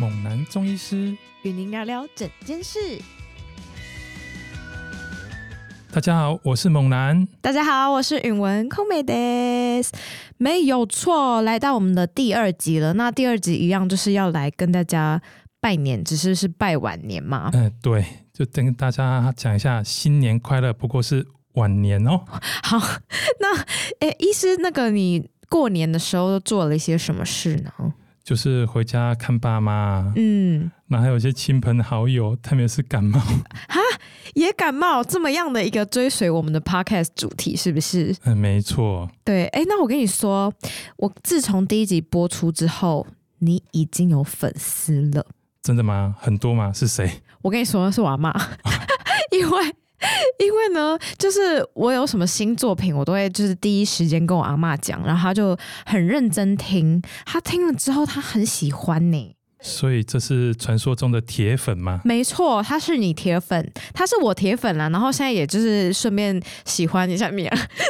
猛男中醫師與您聊聊整件事。大家好，我是猛男。大家好，我是允文空美德，沒有錯，來到我們的第二集了。那第二集一樣，就是要來跟大家拜年，只是是拜晚年嘛。嗯、呃，對，就跟大家講一下新年快樂，不過是晚年哦。好，那誒、欸，醫師，那個你過年的時候都做了一些什麼事呢？就是回家看爸媽，嗯，那還有一些親朋好友，特別是感冒，哈，也感冒，這麼樣的一個追隨我們的 podcast 主題是不是？嗯，沒錯。對，哎，那我跟你說，我自從第一集播出之後，你已經有粉絲了，真的嗎？很多嗎？是誰？我跟你說是我阿嬤，啊、 因為。 因為呢，就是我有什麼新作品，我都會就是第一時間跟我阿嬤講，然後他就很認真聽，他聽了之後，他很喜歡你。所以這是傳說中的鐵粉嗎？沒錯，他是你鐵粉，他是我鐵粉啦。然後現在也就是順便喜歡一下你，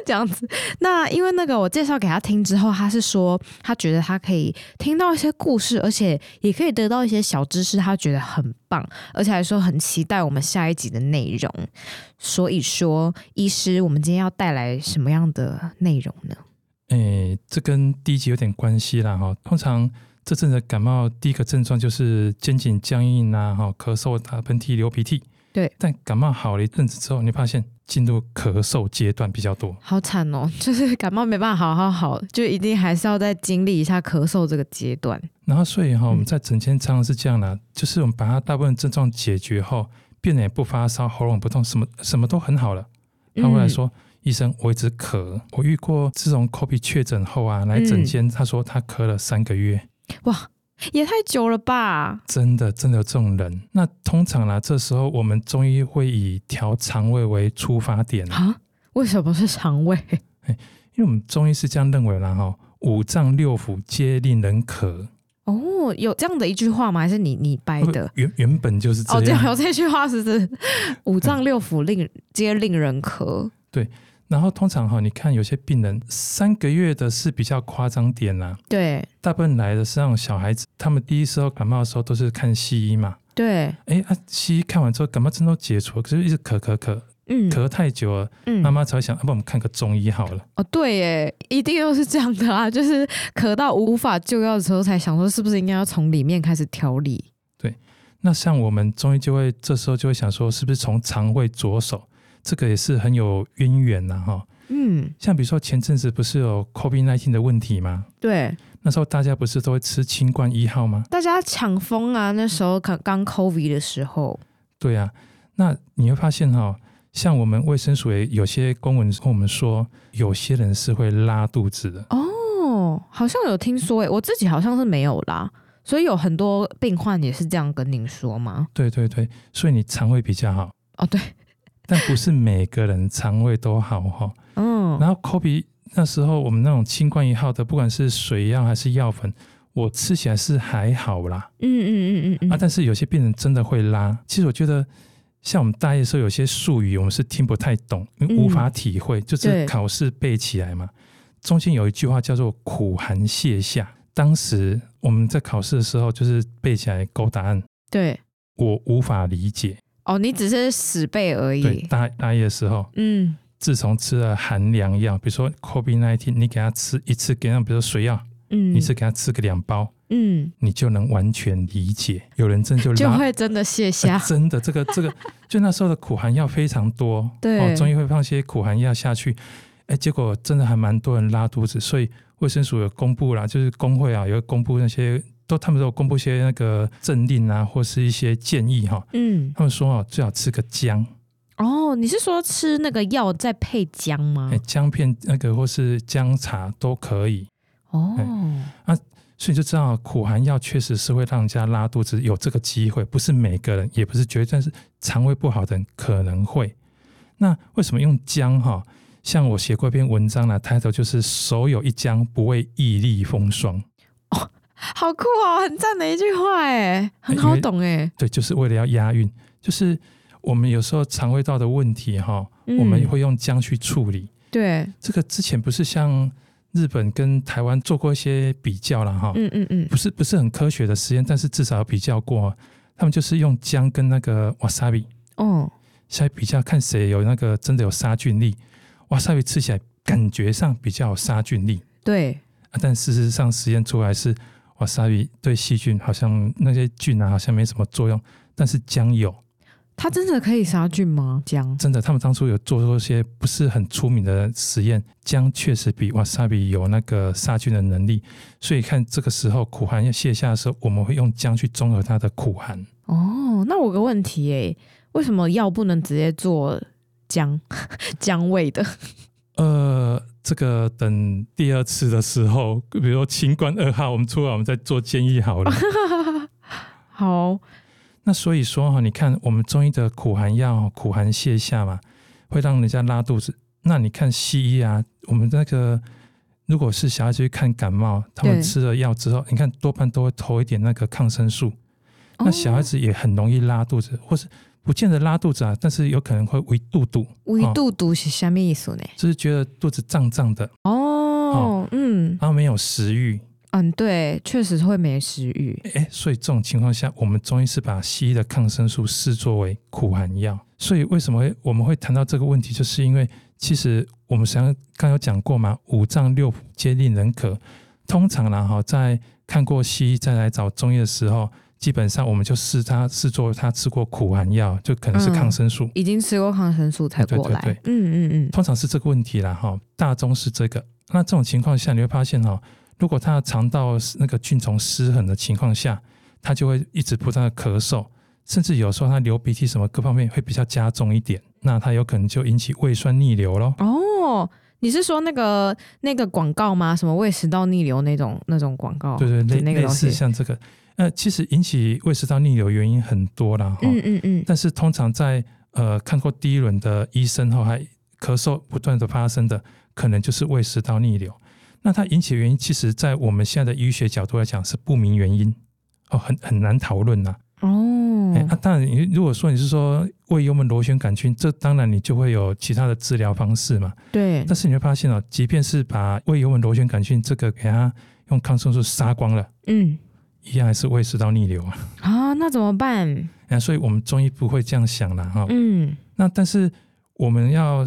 這樣子。那因為那個我介紹給他聽之後，他是說他覺得他可以聽到一些故事，而且也可以得到一些小知識，他覺得很棒，而且還說很期待我們下一集的內容。所以說，醫師，我們今天要帶來什麼樣的內容呢？哎、欸，這跟第一集有點關係啦哈。通常這陣子感冒，第一個症狀就是肩頸僵硬啦，哈，咳嗽、打噴嚏、流鼻涕。對。但感冒好了一陣子之後，你發現進入咳嗽階段比較多。好慘哦，就是感冒沒辦法好好好，就一定還是要再經歷一下咳嗽這個階段。然後所以哈，我們在診間常常是這樣啦，嗯、就是我們把它大部分症狀解決後，病人也不發燒、喉嚨不痛，什麼什麼都很好了，他會來說。嗯醫生，我一直咳。我遇過自從 COVID 確診後啊，來診間。他說他咳了三個月，嗯。哇，也太久了吧？真的，真的有這種人。那通常啦，這時候我們中醫會以調腸胃為出發點啊？為什麼是腸胃？因為我們中醫是這樣認為啦，哈，五臟六腑皆令人咳。哦，有這樣的一句話嗎？還是你你掰的？原原本就是這樣哦，這樣有這一句話，是不是？五臟六腑令皆令人咳，嗯。對。然後通常哈，你看有些病人三個月的是比較誇張點啦、啊。對，大部分來的是那種小孩子，他們第一時候感冒的時候都是看西醫嘛。對。哎，啊西醫看完之後，感冒症狀解除了，可是一直咳咳咳，咳,嗯、咳太久了，嗯、媽媽才會想，要、啊、不，我們看個中醫好了。哦，對耶，一定又是這樣的啊，就是咳到無法救藥的時候，才想說是不是應該要從裡面開始調理。對，那像我們中醫就會這時候就會想說，是不是從腸胃着手？這個也是很有淵源的、啊、哈、哦，嗯，像比如說前陣子不是有 COVID-19 的問題嗎？對，那時候大家不是都會吃清冠一號嗎？大家搶瘋啊！那時候、嗯、剛剛 COVID 的時候，對啊，那你會發現哈、哦，像我們衛生署有些公文跟我們說，有些人是會拉肚子的哦，好像有聽說哎，我自己好像是沒有拉，所以有很多病患也是這樣跟您說嗎？對對對，所以你腸胃比較好哦，對。但不是每個人腸胃都好吼，嗯、哦。然後 COVID 那時候，我們那種清冠一號的，不管是水藥還是藥粉，我吃起來是還好啦，嗯嗯嗯嗯啊。但是有些病人真的會拉。其實我覺得，像我們大一的時候，有些術語我們是聽不太懂，因為無法體會。嗯、就是考試背起來嘛，對中間有一句話叫做“苦寒瀉下”。當時我們在考試的時候，就是背起來勾答案，對我無法理解。哦，你只是死背而已。對，大大一的時候，嗯，自從吃了寒涼藥，比如說 COVID 那一天，19, 你給他吃一次，給他，比如說水藥，嗯，你是給他吃個兩包，嗯，你就能完全理解，有人真的就就會真的瀉下、欸，真的這個這個，就那時候的苦寒藥非常多， 對、哦，中醫會放些苦寒藥下去，哎、欸，結果真的還蠻多人拉肚子，所以衛生署有公布了，就是公會啊有公布那些。都他們都有公布一些那個政令啊，或是一些建議哈、哦。嗯，他們說哦，最好吃個薑。哦，你是說吃那個藥再配薑嗎？薑、欸、片那個或是薑茶都可以。哦、欸，啊，所以你就知道苦寒藥確實是會讓人家拉肚子，有這個機會，不是每個人，也不是絕對，是腸胃不好的人可能會。那為什麼用薑哈、哦？像我寫過一篇文章了，抬頭就是手有一薑，不畏毅力風霜。好酷哦，很讚的一句話耶，為很好懂耶。對，就是為了要押韻。就是我們有時候腸胃道的問題哈，嗯、我們會用薑去處理。對，這個之前不是像日本跟台灣做過一些比較了哈？嗯嗯嗯，不是不是很科學的實驗，但是至少比較過，他們就是用薑跟那個 wasabi 哦，現在比較看誰有那個真的有殺菌力。wasabi 吃起來感覺上比較有殺菌力，對。但事實上實驗出來是。瓦沙比對細菌好像那些菌啊，好像沒什麼作用，但是薑有。它真的可以殺菌嗎？薑真的，他們當初有做出些不是很出名的實驗，薑確實比瓦沙比有那個殺菌的能力。所以看這個時候苦寒要卸下的時候，我們會用薑去中和它的苦寒。哦，那我個問題誒，為什麼藥不能直接做薑薑味的？呃。這個等第二次的時候，比如說清冠二號，我們出來我們再做建議好了。 好，那所以說哈，你看我們中醫的苦寒藥，苦寒瀉下嘛，會讓人家拉肚子。那你看西醫啊，我們那個如果是小孩子去看感冒，他們吃了藥之後，對你看多半都會投一點那個抗生素，哦，那小孩子也很容易拉肚子，或是。不見得拉肚子啊，但是有可能會胃肚肚。胃肚肚是什麼意思呢？就是覺得肚子脹脹的。哦，哦嗯，然後，沒有食欲。嗯，對，確實會沒食欲。哎，所以這種情況下，我們中醫是把西醫的抗生素視作為苦寒藥。所以為什麼我們會談到這個問題，就是因為其實我們想剛，剛有講過嘛，五臟六腑皆令人咳。通常呢，哈，在看過西醫再來找中醫的時候。基本上，我們就試他視作他吃過苦寒藥，就可能是抗生素、嗯，已經吃過抗生素才過來。嗯、對對對，嗯嗯嗯，嗯嗯通常是這個問題啦。哈。大宗是這個，那這種情況下你會發現哈，如果他腸道那個菌叢失衡的情況下，他就會一直不斷的咳嗽，甚至有時候他流鼻涕，什麼各方面會比較加重一點。那他有可能就引起胃酸逆流嘍。哦，你是說那個那個廣告嗎？什麼胃食道逆流那種那種廣告？對對，對類那個是像這個。那其實引起胃食道逆流原因很多啦嗯，嗯嗯嗯。但是通常在呃看過第一輪的醫生後，還咳嗽不斷的發生的，可能就是胃食道逆流。那它引起的原因，其實在我們現在的醫學角度來講是不明原因，喔、很很難討論啦哦，很很難討論吶。哦、啊。那當然，你如果說你是說胃幽門螺旋桿菌，這當然你就會有其他的治療方式嘛。對。但是你會發現啊、喔，即便是把胃幽門螺旋桿菌這個給它用抗生素殺光了，嗯。一樣還是胃食道逆流啊！啊、哦，那怎麼辦？那、啊、所以我們中醫不會這樣想啦哈。嗯，那但是我們要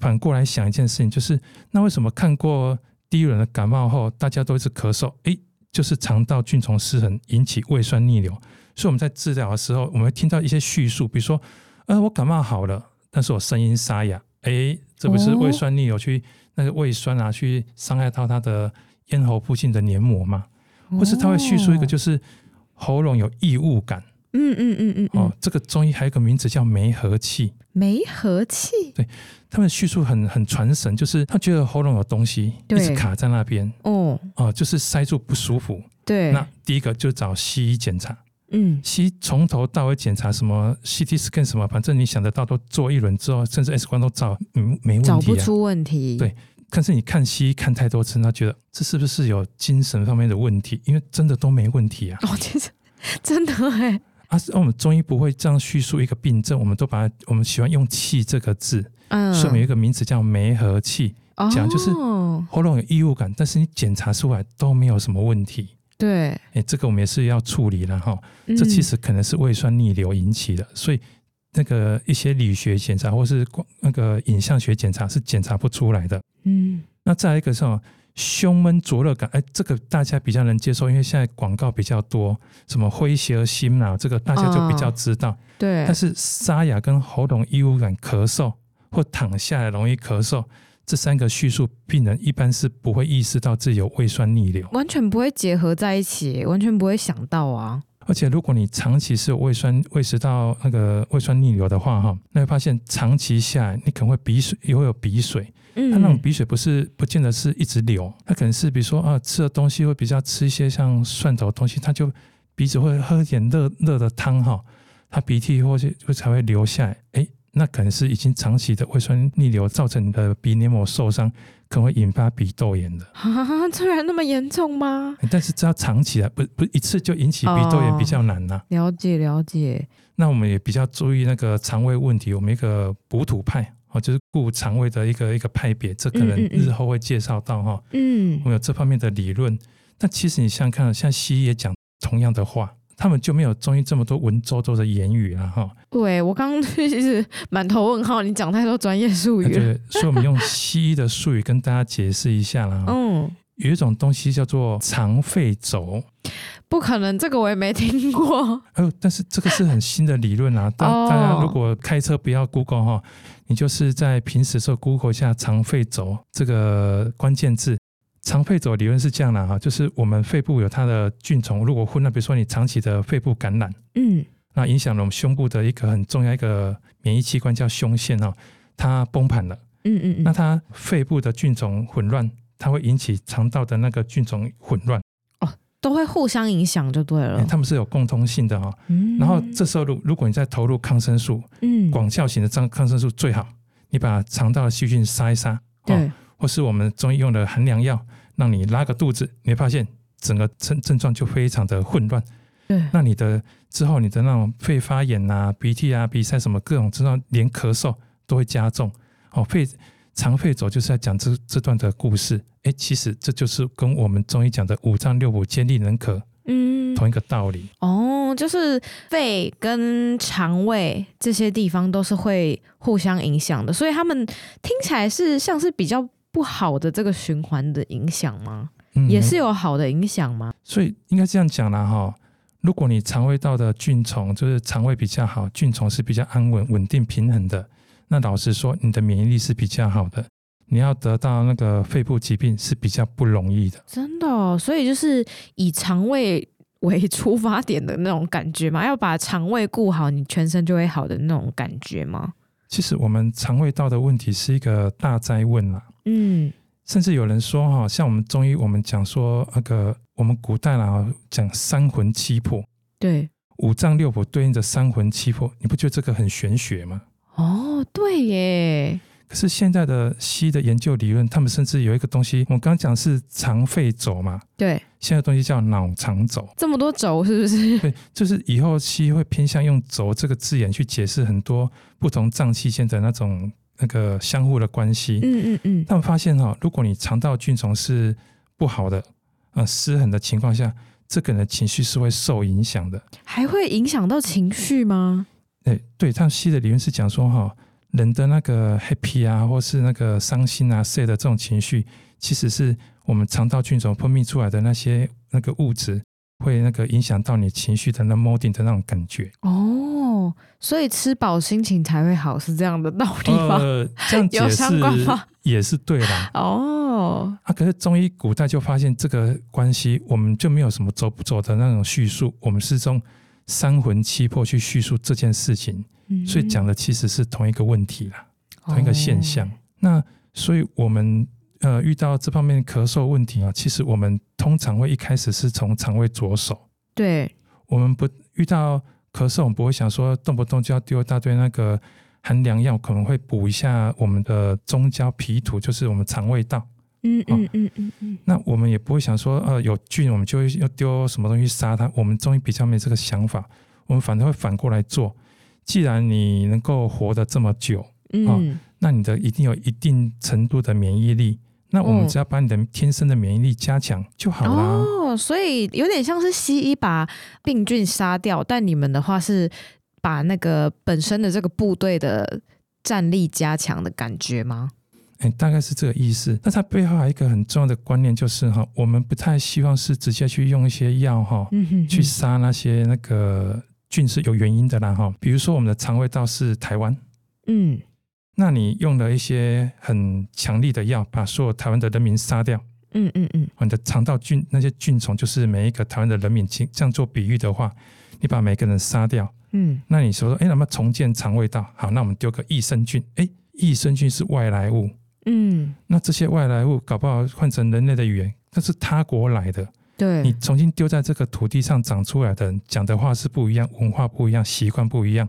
反過來想一件事情，就是那為什麼看過第一輪的感冒後，大家都一直咳嗽？誒、欸，就是腸道菌叢失衡引起胃酸逆流。所以我們在治療的時候，我們會聽到一些敘述，比如說，呃，我感冒好了，但是我聲音沙啞。誒、欸，這不是胃酸逆流去、哦、那個胃酸啊，去傷害到他的咽喉附近的黏膜嗎？或是他會敘述一個，就是喉嚨有異物感。嗯嗯嗯嗯。嗯嗯嗯哦，這個中醫還有一個名字叫梅核氣。梅核氣。對，他們敘述很很傳神，就是他覺得喉嚨有東西對一直卡在那邊。哦。哦，就是塞住不舒服。對。那第一個就找西醫檢查。嗯。西醫從頭到尾檢查什麼 CT scan 什麼，反正你想得到都做一輪之後，甚至 X 光都照，嗯，沒問題，啊。找不出問題。對。可是你看西醫看太多次，他覺得這是不是有精神方面的問題？因為真的都沒問題啊。哦，其實真的哎耶。啊，我們中醫不會這樣敘述一個病症，我們都把它，我們喜歡用“氣”這個字。嗯。說明一個名詞叫梅“梅核氣”，講就是喉嚨有異物感，但是你檢查出來都沒有什麼問題。對。誒、欸，這個我們也是要處理了哈。這其實可能是胃酸逆流引起的，嗯、所以。那個一些理學檢查或是光那個影像學檢查是檢查不出來的。嗯，那再一個是什麼胸悶灼熱感？哎、欸，這個大家比較能接受，因為現在廣告比較多，什麼火燒、心吶、啊，這個大家就比較知道。嗯、對。但是沙啞跟喉嚨異物感、咳嗽或躺下來容易咳嗽，這三個敘述病人一般是不會意識到這有胃酸逆流，完全不會結合在一起，完全不會想到啊。而且，如果你長期是有胃酸、胃食道那個胃酸逆流的話，哈，那會發現長期下來，你可能會鼻水，也會有鼻水。嗯，他那種鼻水不是不見得是一直流，他可能是比如說啊，吃的東西會比較吃一些像蒜頭的東西，他就鼻子會喝一點熱熱的湯哈，他鼻涕或者就才會流下來。誒、欸，那可能是已經長期的胃酸逆流造成你的鼻黏膜受傷。可能會引發鼻竇炎的啊，突然那麼嚴重嗎？但是只要藏起來，不不，一次就引起鼻竇炎比較難吶、啊哦。了解了解。那我們也比較注意那個腸胃問題，我們一個補土派哦，就是顧腸胃的一個一個派別，這可能日後會介紹到哈、哦。嗯，嗯，嗯，我們有這方面的理論，但其實你想看，像西醫也講同樣的話。他們就沒有中醫這麼多文縐縐的言語啊哈、哦。對，我剛剛其實滿頭問號，你講太多專業術語。對，所以我們用西醫的術語跟大家解釋一下啦、哦。嗯，有一種東西叫做腸肺軸。不可能，這個我也沒聽過。哦、呃，但是這個是很新的理論啊。當、哦、大家如果開車不要 Google 哈、哦，你就是在平時的時候 Google 一下長“腸肺軸”這個關鍵字。腸肺軸的理論是這樣的哈，就是我們肺部有它的菌叢，如果混亂，比如說你長期的肺部感染，嗯，那影響了我們胸部的一個很重要一個免疫器官叫胸腺哈，它崩盤了，嗯，嗯嗯，那它肺部的菌叢混亂，它會引起腸道的那個菌叢混亂，哦，都會互相影響就對了、欸，他們是有共通性的哈、哦，嗯、然後這時候如如果你再投入抗生素，嗯，廣效型的抗抗生素最好，你把腸道的細菌殺一殺，對。或是我們中醫用的寒涼藥，讓你拉個肚子，你會發現整個症症狀就非常的混亂。嗯對，那你的之後你的那種肺發炎啊、鼻涕啊、鼻塞什麼各種症狀，連咳嗽都會加重。哦，肺腸肺主就是在講這這段的故事。哎，其實這就是跟我們中醫講的五臟六腑皆令人咳，嗯，同一個道理。哦，就是肺跟腸胃這些地方都是會互相影響的，所以他們聽起來是像是比較。不好的這個循環的影響嗎？嗯，也是有好的影響嗎？所以應該這樣講啦。哈，如果你腸胃道的菌叢就是腸胃比較好，菌叢是比較安穩、穩定、平衡的，那老實說，你的免疫力是比較好的。你要得到那個肺部疾病是比較不容易的。真的，哦，所以就是以腸胃為出發點的那種感覺嘛，要把腸胃顧好，你全身就會好的那種感覺嗎？其實我們腸胃道的問題是一個大哉問啦。嗯，甚至有人說，哈，像我們中醫，我們講說那個，我們古代啦，講三魂七魄，對，五臟六腑對應著三魂七魄，你不覺得這個很玄學嗎？哦，對耶。可是現在的西醫的研究理論，他們甚至有一個東西，我剛講是腸肺軸嘛，對，現在的東西叫腦腸軸。這麼多軸是不是？對，就是以後西醫會偏向用軸這個字眼去解釋很多不同臟器現在那種。那個相互的關係，嗯嗯嗯，但我發現哈、哦，如果你腸道菌叢是不好的，啊、呃，失衡的情況下，這個人的情緒是會受影響的，還會影響到情緒嗎？哎、欸，對，他們新的理論是講說哈、哦，人的那個 happy 啊，或是那個傷心啊、sad 這種情緒，其實是我們腸道菌叢分泌出來的那些那個物質。會那個影響到你情緒的那種 mooding 的那種感覺哦，所以吃飽心情才會好，是這樣的道理嗎？呃、這樣解釋有相關也是對啦哦。啊，可是中醫古代就發現這個關係，我們就沒有什麼走不走的那種敘述，我們是從三魂七魄去敘述這件事情，嗯、所以講的其實是同一個問題啦，同一個現象。哦、那所以我們。呃，遇到這方面咳嗽的問題啊，其實我們通常會一開始是從腸胃着手。對，我們不遇到咳嗽，我們不會想說動不動就要丟一大堆那個寒涼藥，可能會補一下我們的中焦脾土，就是我們腸胃道。嗯嗯嗯嗯嗯。嗯嗯嗯，那我們也不會想說，呃，有菌我們就要丟什麼東西殺它。我們中醫比較沒這個想法，我們反而會反過來做。既然你能夠活得這麼久，哦、嗯，那你的一定有一定程度的免疫力。那我們只要把你的天生的免疫力加強就好了。嗯。哦，所以有點像是西醫把病菌殺掉，但你們的話是把那個本身的這個部隊的戰力加強的感覺嗎？欸，大概是這個意思。那它背後還有一個很重要的觀念，就是哈，我們不太希望是直接去用一些藥哈，去殺那些那個菌是有原因的啦哈。比如說，我們的腸胃道是台灣，嗯。那你用了一些很強力的藥，把所有台灣的人民殺掉。嗯嗯嗯，嗯嗯，你的腸道菌那些菌蟲，就是每一個台灣的人民。這樣做比喻的話，你把每個人殺掉。嗯，那你說說，哎、欸，怎麼重建腸胃道？好，那我們丟個益生菌。哎、欸，益生菌是外來物。嗯，那這些外來物搞不好換成人類的語言，那是他國來的。對，你重新丟在這個土地上長出來的人，講的話是不一樣，文化不一樣，習慣不一樣。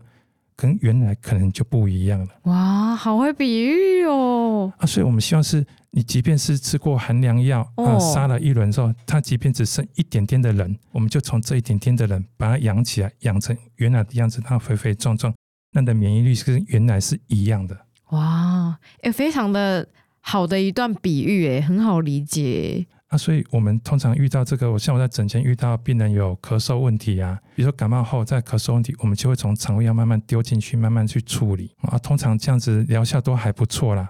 跟原來可能就不一樣了。哇，好會比喻哦！啊，所以我們希望是，你即便是吃過寒涼藥，啊、哦，殺了一輪之後，它即便只剩一點點的人，我們就從這一點點的人把它養起來，養成原來的樣子，它肥肥壯壯壯，那你的免疫力是跟原來是一樣的。哇，哎，非常的好的一段比喻，哎，很好理解。那、啊、所以，我們通常遇到這個，我像我在診間遇到病人有咳嗽問題啊，比如說感冒後在咳嗽問題，我們就會從腸胃藥慢慢丟進去，慢慢去處理啊。通常這樣子療效都還不錯啦。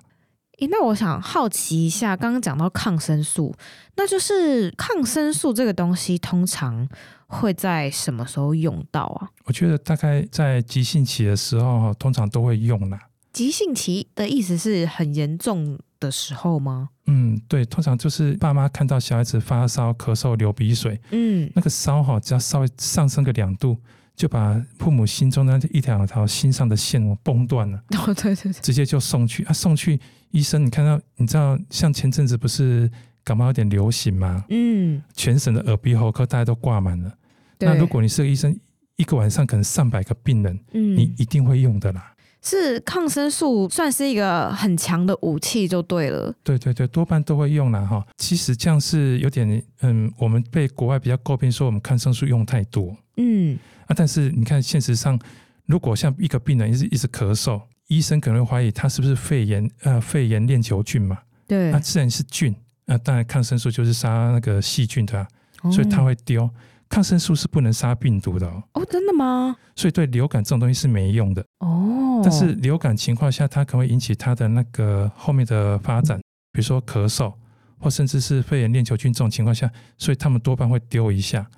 誒，那我想好奇一下，剛剛講到抗生素，那就是抗生素這個東西，通常會在什麼時候用到啊？我覺得大概在急性期的時候，通常都會用啦。急性期的意思是很嚴重。的時候嗎？嗯，對，通常就是爸媽看到小孩子發燒、咳嗽、流鼻水，嗯，那個燒好只要稍微上升個兩度，就把父母心中那一條條心上的線崩斷了。哦，對對對，直接就送去啊，送去醫生。你看到，你知道，像前陣子不是感冒有點流行嗎？嗯，全省的耳鼻喉科大家都掛滿了。嗯，那如果你是個醫生，一個晚上可能上百個病人，嗯，你一定會用的啦。是抗生素算是一個很強的武器就對了，對對對，多半都會用了哈。其實這樣是有點，嗯，我們被國外比較詬病說我們抗生素用太多，嗯啊，但是你看現實上，如果像一個病人一直一直咳嗽，醫生可能會懷疑他是不是肺炎，呃，肺炎鏈球菌嘛，對，那、啊、自然是菌，那、啊、當然抗生素就是殺那個細菌的、啊，所以它會丟。哦抗生素是不能殺病毒的哦。哦，真的嗎？所以對流感這種東西是沒用的哦。但是流感情況下，它可能會引起它的那個後面的發展，比如說咳嗽，或甚至是肺炎鏈球菌這種情況下，所以他們多半會丟一下。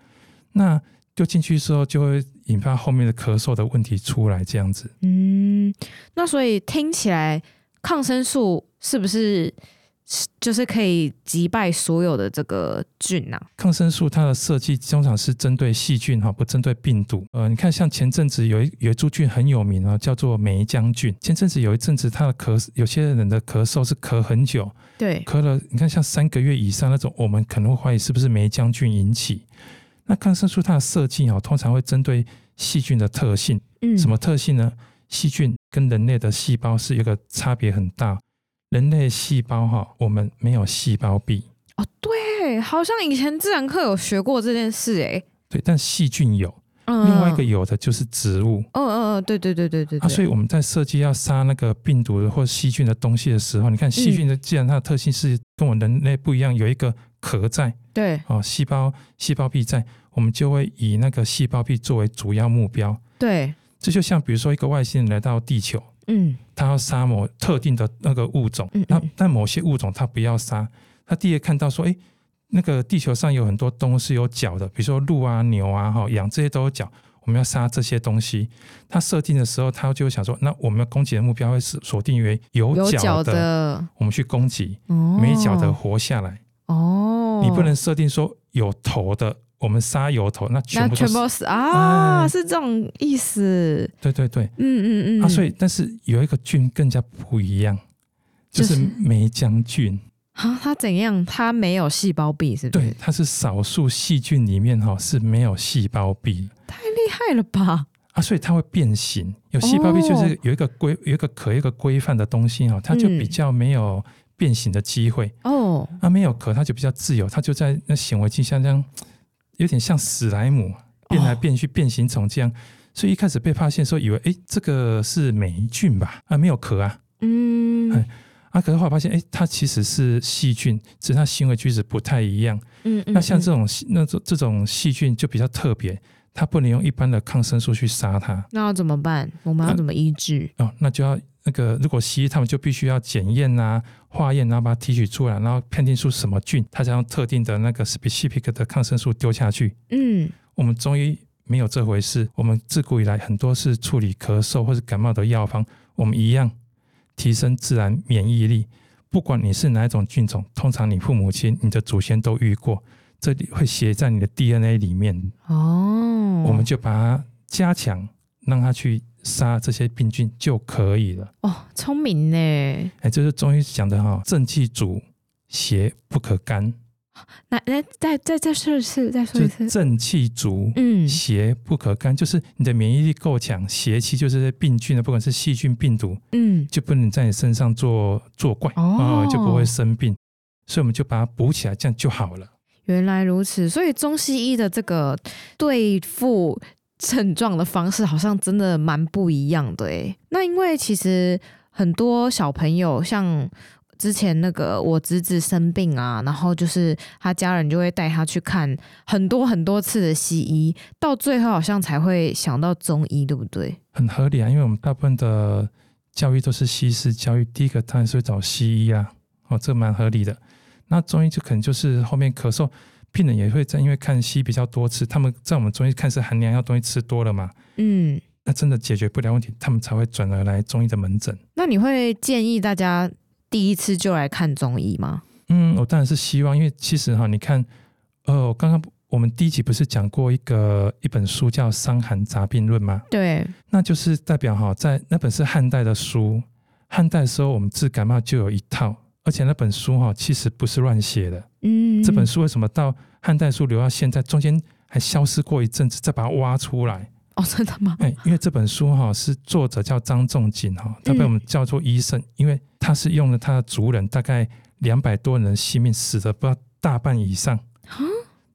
那丟進去之後，就會引發後面的咳嗽的問題出來，這樣子。嗯，那所以聽起來，抗生素是不是？就是可以擊敗所有的這個菌吶、啊。抗生素它的設計通常是針對細菌哈，不針對病毒。呃，你看像前陣子有一有一株菌很有名啊、哦，叫做黴漿菌。前陣子有一陣子他的咳，有些人的咳嗽是咳很久，對，咳了。你看像三個月以上那種，我們可能會懷疑是不是黴漿菌引起。那抗生素它的設計啊，通常會針對細菌的特性。嗯，什麼特性呢？細菌跟人類的細胞是一個差別很大，人類細胞哈、哦，我們沒有細胞壁哦。對，好像以前自然課有學過這件事哎。對，但細菌有，嗯、另外一個有的就是植物。哦哦哦，對對對對對，對。啊，所以我們在設計要殺那個病毒或者細菌的東西的時候，你看細菌的，既然它的特性是跟我們人類不一樣，有一個殼在。對、嗯。哦，細胞細胞壁在，我們就會以那個細胞壁作為主要目標。對。這就像比如說一個外星人來到地球。嗯，他要殺某特定的那個物種，那、嗯嗯、但某些物種他不要殺。他第一看到說，誒、欸，那個地球上有很多東西有角的，比如說鹿啊、牛啊，哈，羊這些都有角，我們要殺這些東西。他設定的時候，他就想說，那我們要攻擊的目標會是鎖定為有角的，我們去攻擊，沒角的活下來。哦，你不能設定說有頭的。我們殺油頭，那全部那全部是啊，啊是這種意思。對對對，嗯嗯嗯啊，所以但是有一個菌更加不一樣，就是黴漿菌。啊，它怎樣？它沒有細胞壁，是是對，它是少數細菌裡面哈是沒有細胞壁。太厲害了吧！啊，所以它會變形。有細胞壁就是有一個規有一個殼一個規範的東西哈。它就比較沒有變形的機會。哦、嗯，啊，沒有殼，它就比較自由，它就在那行為之下這樣。有點像史萊姆變來變去變形成這樣，oh. 所以一開始被發現說，以為哎、欸、這個是霉菌吧，啊沒有殼啊嗯、mm. 欸、啊可是後來發現哎、欸、它其實是細菌，只是它行為舉止不太一樣嗯、mm hmm. 那像這種那種這種細菌就比較特別，它不能用一般的抗生素去殺它，那要怎麼辦？我們要怎麼醫治、啊？哦那就要。那個，如果西醫他們就必須要檢驗啊、化驗啊，然後把它提取出來，然後判定出什麼菌，他才用特定的那個 specific 的抗生素丟下去。嗯，我們中醫沒有這回事。我們自古以來很多是處理咳嗽或者感冒的藥方，我們一樣提升自然免疫力。不管你是哪一種菌種，通常你父母親、你的祖先都遇過，這裡會寫在你的 DNA 裡面。哦，我們就把它加強，讓它去。殺這些病菌就可以了。哦，聰明呢！哎、欸，就是中醫講的哈，正氣足，邪不可干。那、啊，來、啊，再再再試一次，再說一次。正氣足，嗯，邪不可干，嗯、就是你的免疫力夠強，邪氣就是這些病菌呢，不管是細菌、病毒，嗯，就不能在你身上做作怪，哦，哦，就不會生病。所以我們就把它補起來，這樣就好了。原來如此，所以中西醫的這個對付。症狀的方式好像真的蠻不一樣的欸，那因為其實很多小朋友，像之前那個我侄子生病啊，然後就是他家人就會帶他去看很多很多次的西醫，到最後好像才會想到中醫，對不對？很合理啊，因為我們大部分的教育都是西式教育，第一個當然是會找西醫啊，哦，這個蠻合理的。那中醫就可能就是後面咳嗽。病人也會在，因為看西醫比較多次，他們在我們中醫看是寒涼藥東西吃多了嘛，嗯，那真的解決不了問題，他們才會轉而來中醫的門診。那你會建議大家第一次就來看中醫嗎？嗯，我當然是希望，因為其實哈、哦，你看，呃、哦，剛剛我們第一集不是講過一個一本書叫《傷寒雜病論》嗎？對，那就是代表哈、哦，在那本是漢代的書，漢代的時候我們治感冒就有一套。而且那本書哈，其實不是亂寫的。嗯，這本書為什麼到漢代書留到現在，中間還消失過一陣子，再把它挖出來？哦，真的嗎？哎、欸，因為這本書哈，是作者叫張仲景哈，他被我們叫做醫聖，嗯，因為他是用了他的族人大概兩百多人的性命，死的不知道大半以上哈，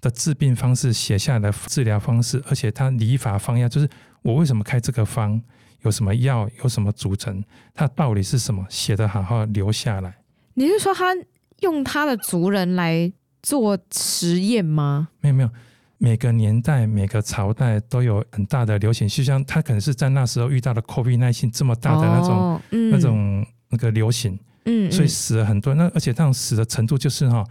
的治病方式寫下來的治療方式，而且他理法方藥，就是我為什麼開這個方，有什麼藥，有什麼組成，它到底是什麼，寫得好好留下來。你是說他用他的族人來做實驗嗎？沒有沒有，每個年代每個朝代都有很大的流行，就像他可能是在那時候遇到了 COVID 耐性這麼大的那種、哦嗯、那種那個流行，嗯，嗯所以死了很多。那而且這樣死的程度就是哈、哦，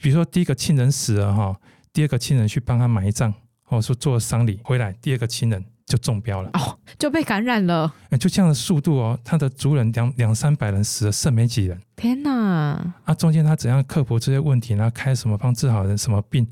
比如說第一個親人死了哈、哦，第二個親人去幫他埋葬，或者說做喪禮回來，第二個親人。就中標了哦，就被感染了。哎、欸，就這樣的速度哦，他的族人兩兩三百人死了，剩沒幾人。天哪！啊，中間他怎樣克服這些問題？然後開什麼方治好人什麼病？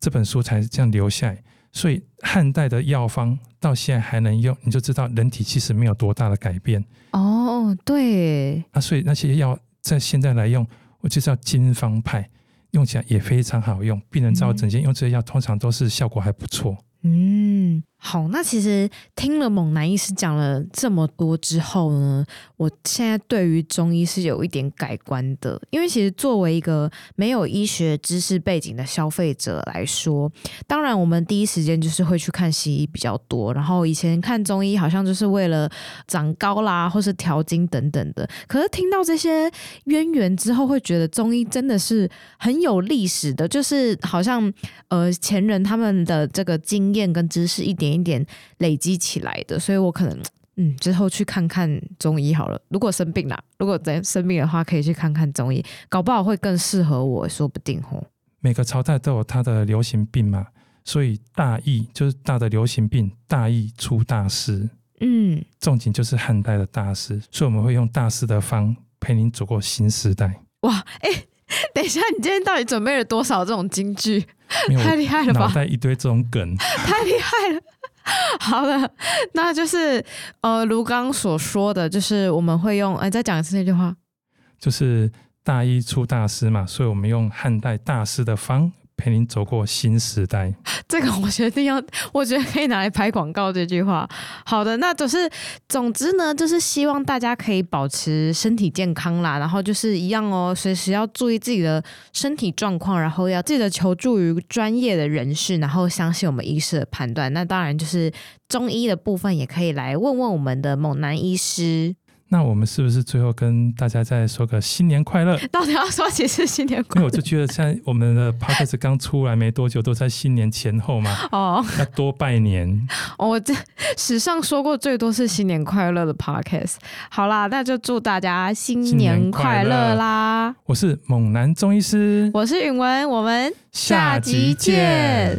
這本書才這樣留下來。所以漢代的藥方到現在還能用，你就知道人體其實沒有多大的改變。哦，對。啊，所以那些藥在現在來用，我就叫經方派，用起來也非常好用。病人在我診間用這些藥，嗯、通常都是效果還不錯。嗯。好，那其實聽了猛男醫師講了這麼多之後呢，我現在對於中醫是有一點改觀的。因為其實作為一個沒有醫學知識背景的消費者來說，當然我們第一時間就是會去看西醫比較多。然後以前看中醫好像就是為了長高啦，或是調經等等的。可是聽到這些淵源之後，會覺得中醫真的是很有歷史的，就是好像呃前人他們的這個經驗跟知識一點一點累積起來的，所以我可能嗯，之後去看看中醫好了。如果生病了，如果真生病的話，可以去看看中醫，搞不好會更適合我，說不定哦。每個朝代都有它的流行病嘛，所以大疫就是大的流行病，大疫出大師。嗯，仲景就是漢代的大師，所以我們會用大師的方陪您走過新時代。哇，哎、欸，等一下，你今天到底準備了多少這種金句？沒有，太厲害了吧！腦袋一堆這種梗，太厲害了。 好了，那就是呃，如剛所說的就是我們會用，哎，再講一次那句話，就是大疫出大師嘛，所以我們用漢代大師的方。陪你走過新世代，這個我決定要，我覺得可以拿來拍廣告這句話。好的，那就是，總之呢，就是希望大家可以保持身體健康啦，然後就是一樣哦，隨時要注意自己的身體狀況，然後要記得求助於專業的人士，然後相信我們醫師的判斷。那當然，就是中醫的部分，也可以來問問我們的猛男醫師。那我們是不是最後跟大家再說個新年快樂？到底要說幾次新年快樂？因為我就覺得像我們的 podcast 剛出來沒多久，都在新年前後嘛哦， 要多拜年。哦、我這史上說過最多是新年快樂的 podcast。好啦，那就祝大家新年快樂啦！樂我是猛男中醫師，我是允文，我們下集見。